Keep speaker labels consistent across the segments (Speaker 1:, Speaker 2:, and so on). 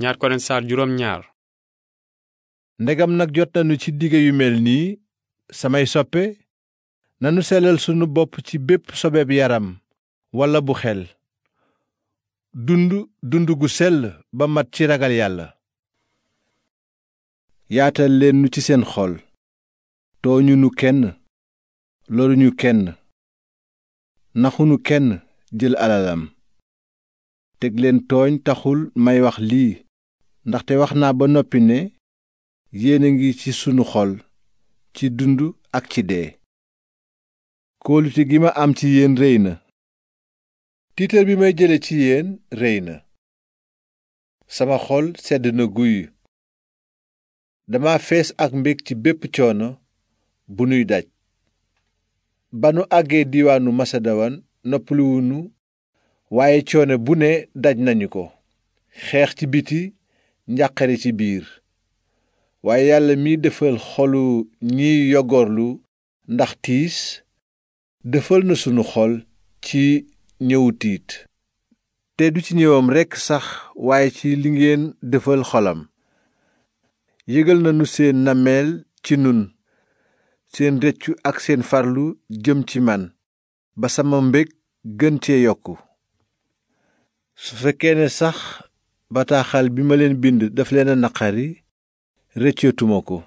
Speaker 1: ñaar Korent saar ndegam nag jot nañu ci dige yu mel nii samay soppe nanu selal sunu bopp ci bépp sobeb yaram walla bu xel dund dund gu sell ba mat ci ragal yàlla yaatal leen nu ci seen xol tooñu nu kenn loruñu kenn naxu nu kenn jël alalam teg leen tooñ taxul may wax lii ndaxte wax naa ba noppi ne yéen ngi ci sunu xol ci dund ak ci dee kóolute gi ma am ci yéen réy na tiitër bi may jële ci yéen réy na sama xol sedd na guy dama fees ak mbég ci bépp coono bu nuy daj ba nu àggee diiwaanu masedowan noppaluwunu waaye coono bu ne daj nañu ko xeex ci biti njàqare ci biir waaye yàlla mi defal xolu ñiy yogorlu ndax tiis defal na sunu xol ci ñëwu tiit te du ci ñëwam rekk sax waaye ci li ngeen defal xolam yëgal nanu seen nammeel ci nun seen rëccu ak seen farlu jëm ci man ba sama mbég gën cee yokk su fekkee ne sax bataaxal bi ma leen bind daf leen a naqari rëcceetuma ko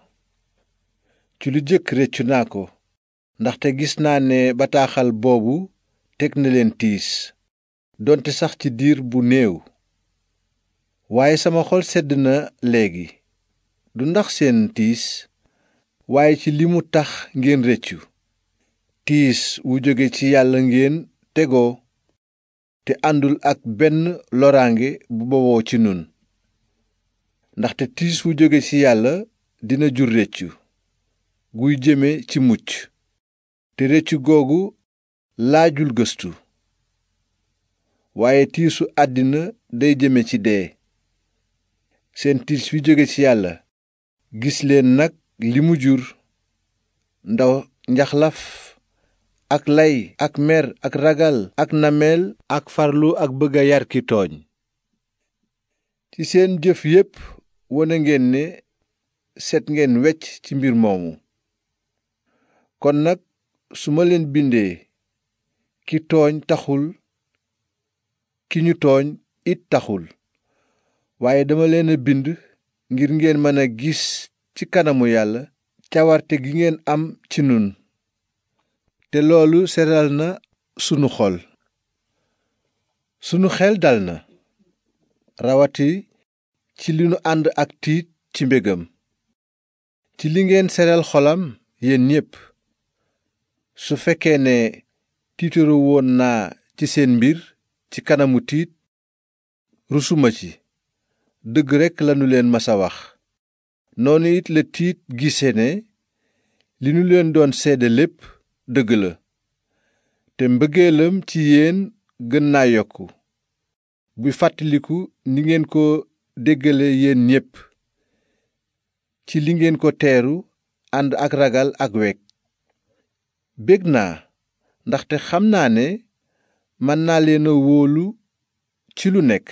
Speaker 1: ci lu jëkk rëccu naa ko ndaxte gis naa ne bataaxal boobu teg na leen tiis doonte sax ci diir bu néew waaye sama xol sedd na léegi du ndax seen tiis waaye ci li mu tax ngeen rëccu tiis wu jóge ci yàlla ngeen tegoo te àndul ak benn loraange bu bawoo ci nun ndaxte tiis wu jóge ci yàlla dina jur réccu guy jëme ci mucc te réccu googu laajul gëstu waaye tiisu àddina day jëme ci dee seen tiis wi jóge ci yàlla gis leen nag li mu jur ndaw njaxlaf ak lay ak mer ak ragal ak nameel ak farlu ak bëgg a yar ki tooñ ci seen jëf yépp wone ngeen ne seet ngeen wecc ci mbir moomu kon nag su ma leen bindee ki tooñ taxul ki ñu tooñ it taxul waaye dama leen a bind ngir ngeen mën a gis ci kanamu yàlla cawarte gi ngeen am ci nun te loolu seral na sunu xol sunu xel dal na rawati ci li nu ànd ak tiit ci mbegam ci li ngeen seral xolam yéen ñépp su fekkee ne tiitaru woon naa ci seen mbir ci kanamu tiit rusuma ci dëgg rekk lanu leen masa wax noonu it la tiit gise ne li nu leen doon seede lépp dëgg la te mbëggeelam ci yéen gën naa yokku buy fàttaliku ni ngeen ko déggale yéen ñépp ci li ngeen ko teeru ànd ak ragal ak weg bég naa ndaxte xam naa ne mën naa leen a wóolu ci lu nekk